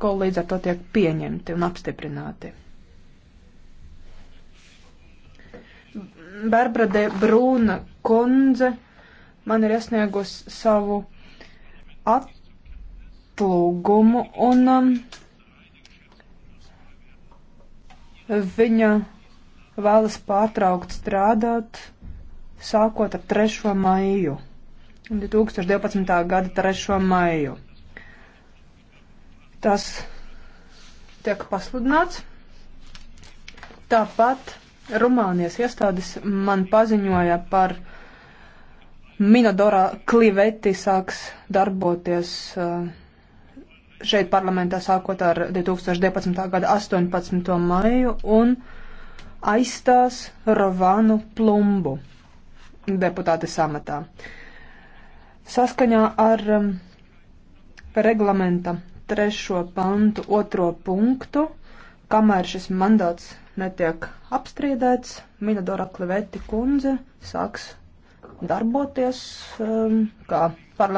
ko līdz ar to tiek pieņemti un apstiprināti. Barbara de Brūna kundze man ir iesniegus savu atlūgumu un um, viņa vēlas pārtraukt strādāt sākot ar 3. maiju, 2012. gada 3. maiju. Tas tiek pasludināts. Tāpat Rumānijas iestādes man paziņoja par Minodorā kliveti sāks darboties eh, šeit parlamentā sākot ar 2012. gada 18. maiju un aizstās Rovanu Plumbu deputāte samatā. Saskaņā ar eh, reglamenta trešo pantu otro punktu, kamēr šis mandāts netiek apstrīdēts, Minadora Kleveti kundze sāks darboties um, kā parlamentāra.